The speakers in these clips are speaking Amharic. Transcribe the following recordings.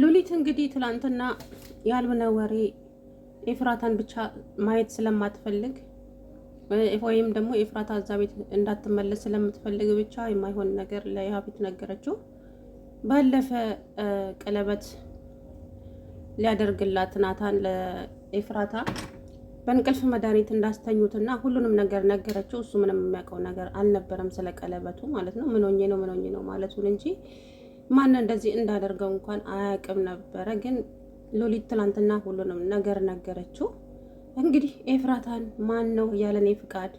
ሉሊት እንግዲህ ትላንትና ያልሆነ ወሬ ኤፍራታን ብቻ ማየት ስለማትፈልግ ወይም ደግሞ ኤፍራታ እዛ ቤት እንዳትመለስ ስለምትፈልግ ብቻ የማይሆን ነገር ለያፌት ነገረችው። ባለፈ ቀለበት ሊያደርግላት ናታን ለኤፍራታ በእንቅልፍ መድኃኒት እንዳስተኙትና ሁሉንም ነገር ነገረችው። እሱ ምንም የሚያውቀው ነገር አልነበረም፣ ስለ ቀለበቱ ማለት ነው። ምን ሆኜ ነው ምን ሆኜ ነው ማለቱን እንጂ ማን እንደዚህ እንዳደርገው እንኳን አያውቅም ነበረ። ግን ሎሊት ትላንትና ሁሉንም ነገር ነገረችው። እንግዲህ ኤፍራታን ማን ነው ያለኔ ፍቃድ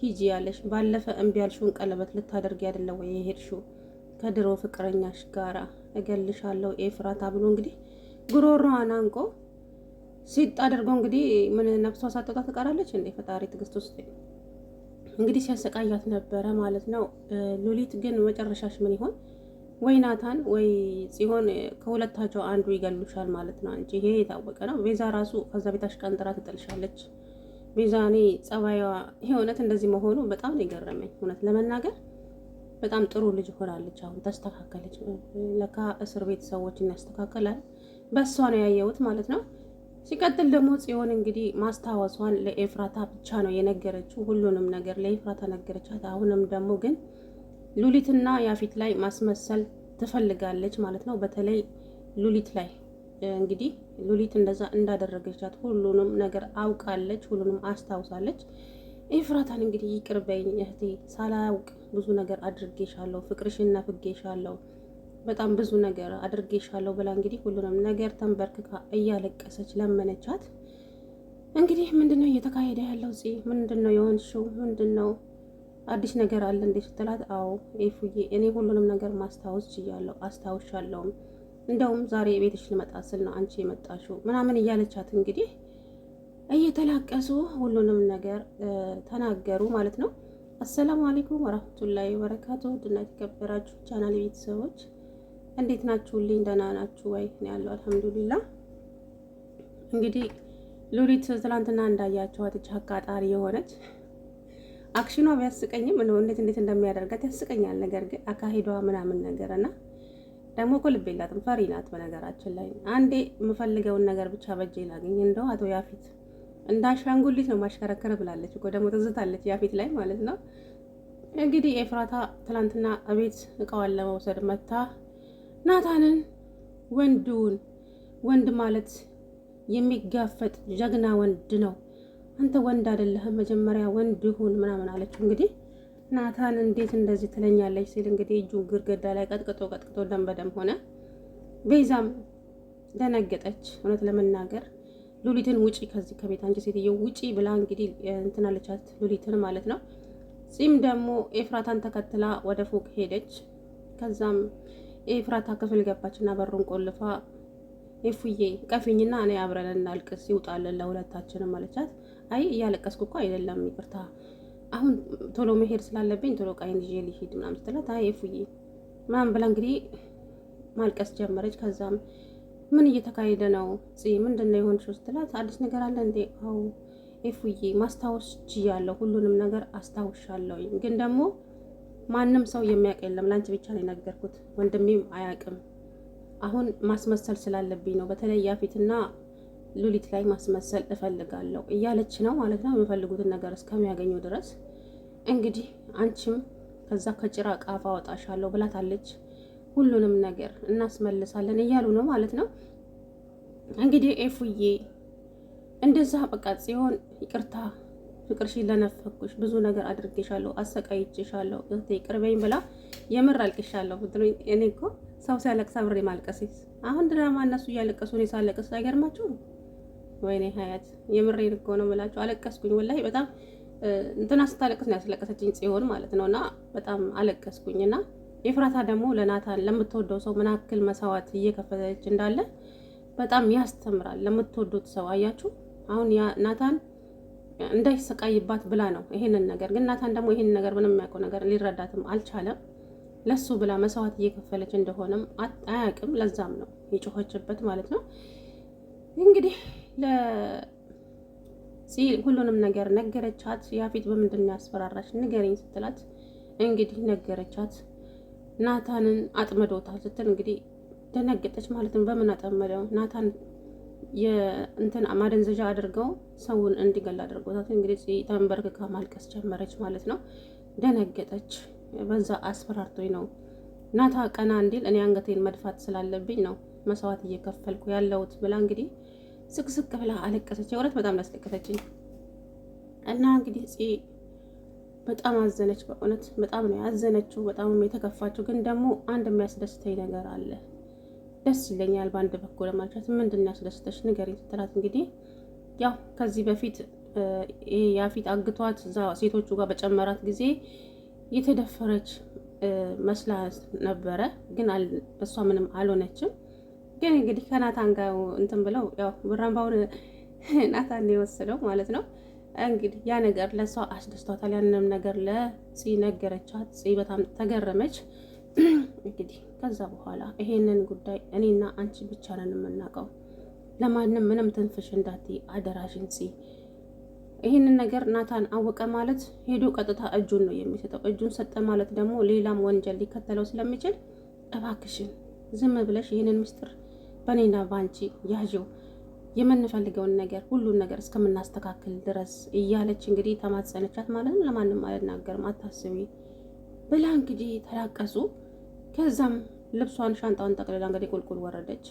ሂጂ ያለሽ? ባለፈ እምቢ ያልሽውን ቀለበት ልታደርጊ አይደለ ወይ የሄድሽው ከድሮ ፍቅረኛሽ ጋራ? እገልሻለሁ ኤፍራታ ብሎ እንግዲህ ጉሮሮዋን አንቆ ሲጥ አድርጎ እንግዲህ ምን ነፍሷ ሳትወጣ ትቀራለች እንዴ? ፈጣሪ ትግስት ውስጥ እንግዲህ ሲያሰቃያት ነበረ ማለት ነው። ሉሊት ግን መጨረሻሽ ምን ይሆን? ወይ ናታን ወይ ጽዮን ከሁለታቸው አንዱ ይገሉሻል ማለት ነው እንጂ ይሄ የታወቀ ነው። ቤዛ ራሱ ከዛ ቤት አሽቀንጥራ ትጥልሻለች። ቤዛ እኔ ጸባይዋ ይሄ እውነት እንደዚህ መሆኑ በጣም ነው የገረመኝ። እውነት ለመናገር በጣም ጥሩ ልጅ ሆናለች። አሁን ተስተካከለች። ለካ እስር ቤት ሰዎችን ያስተካከላል። በእሷ ነው ያየሁት ማለት ነው። ሲቀጥል ደግሞ ጽዮን እንግዲህ ማስታወሷን ለኤፍራታ ብቻ ነው የነገረችው። ሁሉንም ነገር ለኤፍራታ ነገረቻት። አሁንም ደግሞ ግን ሉሊትና ያፊት ላይ ማስመሰል ትፈልጋለች ማለት ነው። በተለይ ሉሊት ላይ እንግዲህ ሉሊት እንደዛ እንዳደረገቻት ሁሉንም ነገር አውቃለች፣ ሁሉንም አስታውሳለች። ኤፍራታን እንግዲህ ይቅር በይኝ እህቴ፣ ሳላውቅ ብዙ ነገር አድርጌሻለሁ፣ ፍቅርሽን ነፍጌሻለሁ፣ በጣም ብዙ ነገር አድርጌሻለሁ ብላ እንግዲህ ሁሉንም ነገር ተንበርክካ እያለቀሰች ለመነቻት። እንግዲህ ምንድነው እየተካሄደ ያለው? ምንድነው የሆንሽው? ምንድነው አዲስ ነገር አለ እንዴ ስትላት፣ አዎ ኤፉዬ፣ እኔ ሁሉንም ነገር ማስታወስ ችያለሁ፣ አስታውሻለሁም። እንደውም ዛሬ ቤትሽ ልመጣ ስል ነው አንቺ የመጣሽው ምናምን እያለቻት እንግዲህ እየተላቀሱ ሁሉንም ነገር ተናገሩ ማለት ነው። አሰላሙ አለይኩም ወራህመቱላሂ ወበረካቱ ድና የተከበራችሁ ቻናል ቤተሰቦች እንዴት ናችሁልኝ? ደህና ናችሁ ወይ? ነው ያለው አልሐምዱሊላ። እንግዲህ ሉሊት ትላንትና እንዳያችኋት አቃጣሪ የሆነች አክሽኗ ቢያስቀኝም እንደው እንዴት እንዴት እንደሚያደርጋት ያስቀኛል። ነገር ግን አካሂዷ ምናምን ነገር እና ደግሞ እኮ ልብ የላትም ፈሪ ናት። በነገራችን ላይ አንዴ የምፈልገውን ነገር ብቻ በጄ ላገኝ እንደው አቶ ያፊት እንዳሻንጉሊት ነው ማሽከረከር ብላለች እኮ ደግሞ ትዝታለች ያፊት ላይ ማለት ነው። እንግዲህ ኤፍራታ ትናንትና እቤት እቃዋን ለመውሰድ መታ ናታንን ወንዱን ወንድ ማለት የሚጋፈጥ ጀግና ወንድ ነው አንተ ወንድ አይደለህም መጀመሪያ ወንድ ይሁን ምናምን አለችው። እንግዲህ ናታን እንዴት እንደዚህ ትለኛለች ሲል እንግዲህ እጁ ግድግዳ ላይ ቀጥቅጦ ቀጥቅጦ ደም በደም ሆነ። ቤዛም ደነገጠች። እውነት ለመናገር ሉሊትን ውጪ ከዚህ ከቤት አንቺ ሴትዮ ውጪ ብላ እንግዲህ እንትን አለቻት፣ ሉሊትን ማለት ነው። ጺም ደግሞ ኤፍራታን ተከትላ ወደ ፎቅ ሄደች። ከዛም ኤፍራታ ክፍል ገባችና በሩን ቆልፋ ኤፉዬ ቀፊኝና እኔ አብረን እናልቅስ ይውጣለን ለሁለታችንም አለቻት። አይ እያለቀስኩ እኮ አይደለም ይቅርታ፣ አሁን ቶሎ መሄድ ስላለብኝ ቶሎ ቃይን ይዤ ልሂድ ምናምን ስትላት አይ እፉዬ ምናምን ብላ እንግዲህ ማልቀስ ጀመረች። ከዛም ምን እየተካሄደ ነው ጽ ምንድን የሆንሽው ስትላት አዲስ ነገር አለ እንዴ? አዎ ኤፉዬ ማስታወስ ችያለሁ፣ ሁሉንም ነገር አስታውሻለሁ። ግን ደግሞ ማንም ሰው የሚያውቅ የለም፣ ለአንቺ ብቻ ነው የነገርኩት፣ ወንድሜም አያውቅም። አሁን ማስመሰል ስላለብኝ ነው። በተለይ ያፊትና ሉሊት ላይ ማስመሰል እፈልጋለሁ እያለች ነው ማለት ነው። የሚፈልጉትን ነገር እስከሚያገኙ ድረስ እንግዲህ አንቺም ከዛ ከጭራ አፍ አወጣሻለሁ ብላታለች። ሁሉንም ነገር እናስመልሳለን እያሉ ነው ማለት ነው። እንግዲህ ኤፉዬ እንደዛ በቃ ሲሆን ይቅርታ ፍቅርሽን ለነፈኩሽ ብዙ ነገር አድርጌሻለሁ፣ አሰቃይቼሻለሁ፣ እህቴ ቅርበኝ ብላ የምር አልቅሻለሁ እኔ እኮ ሰው ሲያለቅስ አብሬ ማልቀሴ አሁን ድራማ እነሱ እያለቀሱ እኔ ሳለቅስ አይገርማችሁም? ወይኔ ሀያት የምሬ እኮ ነው የምላችሁ። አለቀስኩኝ ወላሂ በጣም እንትና ስታለቅስ ነው ያስለቀሰችኝ ጽዮን ማለት ነው። እና በጣም አለቀስኩኝ። እና የፍራታ ደግሞ ለናታን ለምትወደው ሰው ምን መሰዋት እየከፈለች እንዳለ በጣም ያስተምራል። ለምትወዱት ሰው አያችሁ። አሁን ናታን እንዳይሰቃይባት ብላ ነው ይሄንን ነገር ግን ናታን ደግሞ ይሄን ነገር ምንም የሚያውቀው ነገር ሊረዳትም አልቻለም። ለሱ ብላ መሰዋት እየከፈለች እንደሆነም አያውቅም። ለዛም ነው የጮኸችበት ማለት ነው እንግዲህ ሁሉንም ነገር ነገረቻት። ያፌት በምንድን ነው ያስፈራራሽ ንገረኝ ስትላት እንግዲህ ነገረቻት። ናታንን አጥመዶታል ስትል እንግዲህ ደነገጠች ማለት ነው። በምን አጠመደው? ናታን የእንትን ማደንዘዣ አድርገው ሰውን እንዲገል አድርጎታት እንግዲህ ተንበርክካ ማልቀስ ጀመረች ማለት ነው። ደነገጠች። በዛ አስፈራርቶኝ ነው ናታ ቀና እንዲል እኔ አንገቴን መድፋት ስላለብኝ ነው መስዋዕት እየከፈልኩ ያለሁት ብላ እንግዲህ ስቅስቅ ብላ አለቀሰች። የእውነት በጣም ላስለቀሰችኝ እና እንግዲህ ጽ በጣም አዘነች። በእውነት በጣም ነው ያዘነችው፣ በጣም የተከፋችው። ግን ደግሞ አንድ የሚያስደስተኝ ነገር አለ፣ ደስ ይለኛል በአንድ በኩል ለማለት ምንድን ያስደስተች ንገሪኝ ስትላት እንግዲህ ያው ከዚህ በፊት ያፊት አግቷት እዛ ሴቶቹ ጋር በጨመራት ጊዜ የተደፈረች መስላ ነበረ። ግን እሷ ምንም አልሆነችም። ግን እንግዲህ ከናታን ጋር እንትን ብለው ያው ብራምባውን ናታን የወሰደው ማለት ነው። እንግዲህ ያ ነገር ለእሷ አስደስቷታል። ያንንም ነገር ለጽ ነገረቻት። ጽ በጣም ተገረመች። እንግዲህ ከዛ በኋላ ይሄንን ጉዳይ እኔና አንቺ ብቻ ነን የምናውቀው፣ ለማንም ምንም ትንፍሽ እንዳትይ አደራሽን ጽ ይህንን ነገር ናታን አወቀ ማለት ሄዶ ቀጥታ እጁን ነው የሚሰጠው። እጁን ሰጠ ማለት ደግሞ ሌላም ወንጀል ሊከተለው ስለሚችል እባክሽን ዝም ብለሽ ይህንን ምስጢር በእኔና ባንቺ ያዥው የምንፈልገውን ነገር ሁሉን ነገር እስከምናስተካክል ድረስ እያለች እንግዲህ ተማጸነቻት ማለት ነው። ለማንም አልናገርም አታስቢ ብላ እንግዲህ ተላቀሱ። ከዛም ልብሷን ሻንጣውን ጠቅልላ እንግዲህ ቁልቁል ወረደች።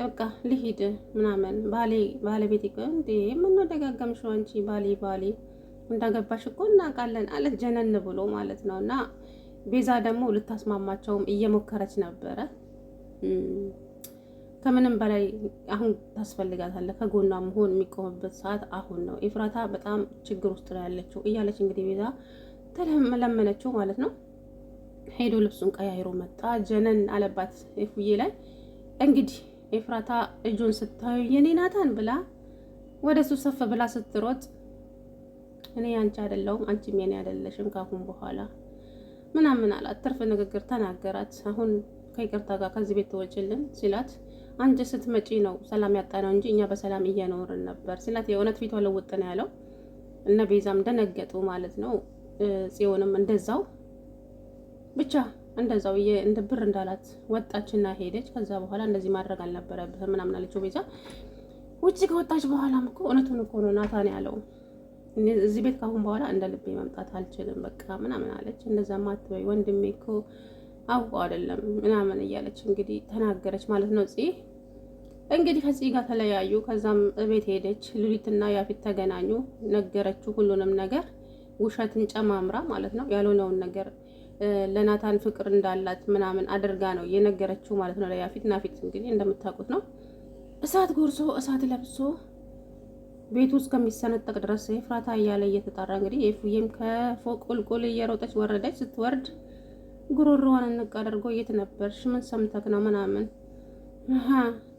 በቃ ልሂድ ምናምን ባሌ ባለቤት እንዴ የምንደጋገምሽ አንቺ ባሌ ባሌ እንዳገባሽ እኮ እናውቃለን አለት ጀነን ብሎ ማለት ነው። እና ቤዛ ደግሞ ልታስማማቸውም እየሞከረች ነበረ። ከምንም በላይ አሁን ታስፈልጋታለህ። ከጎኗ መሆን የሚቆምበት ሰዓት አሁን ነው። ኤፍራታ በጣም ችግር ውስጥ ነው ያለችው እያለች እንግዲህ ቤዛ ተለመለመነችው ማለት ነው። ሄዶ ልብሱን ቀያይሮ መጣ። ጀነን አለባት ኤፉዬ ላይ እንግዲህ ኤፍራታ እጁን ስታዩ የኔ ናታን ብላ ወደ እሱ ሰፍ ብላ ስትሮጥ እኔ አንቺ አይደለሁም አንቺም የኔ አይደለሽም ካሁን በኋላ ምናምን አላት። ትርፍ ንግግር ተናገራት። አሁን ከይቅርታ ጋር ከዚህ ቤት ትወጪልን ሲላት አንቺ ስትመጪ ነው ሰላም ያጣ ነው እንጂ እኛ በሰላም እየኖርን ነበር ስላት የእውነት ፊቷ ለውጥ ነው ያለው። እነ ቤዛም እንደነገጡ ማለት ነው። ጽዮንም እንደዛው ብቻ እንደዛው እንደ ብር እንዳላት ወጣችና ሄደች። ከዛ በኋላ እንደዚህ ማድረግ አልነበረብህ ምናምን አለችው ቤዛ። ውጭ ከወጣች በኋላም እኮ እውነቱን እኮ ነው ናታን ያለው እዚህ ቤት ካሁን በኋላ እንደ ልቤ መምጣት አልችልም፣ በቃ ምናምን አለች። እንደዛማ ወንድሜ እኮ አውቀው አይደለም ምናምን እያለች እንግዲህ ተናገረች ማለት ነው። ጽ እንግዲህ ከጽ ጋር ተለያዩ። ከዛም እቤት ሄደች። ሉሊትና ያፊት ተገናኙ። ነገረችው ሁሉንም ነገር ውሸትን ጨማምራ ማለት ነው። ያልሆነውን ነገር ለናታን ፍቅር እንዳላት ምናምን አድርጋ ነው የነገረችው ማለት ነው ለያፊት። ናፊት እንግዲህ እንደምታውቁት ነው እሳት ጎርሶ እሳት ለብሶ ቤቱ እስከሚሰነጠቅ ድረስ ኤፍራታ እያለ እየተጣራ እንግዲህ የፉዬም ከፎቅ ቁልቁል እየሮጠች ወረደች። ስትወርድ ጉሮሮዋን እንቅ አድርጎ የት ነበርሽ? ምን ሰምተክ ነው ምናምን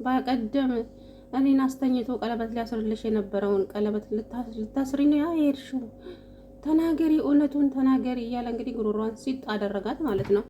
በቀደም እኔን አስተኝቶ ቀለበት ሊያስርልሽ የነበረውን ቀለበት ልታስሪ ነው የሄድሽው? ተናገሪ፣ እውነቱን ተናገሪ እያለ እንግዲህ ጉሮሯን ሲጥ አደረጋት ማለት ነው።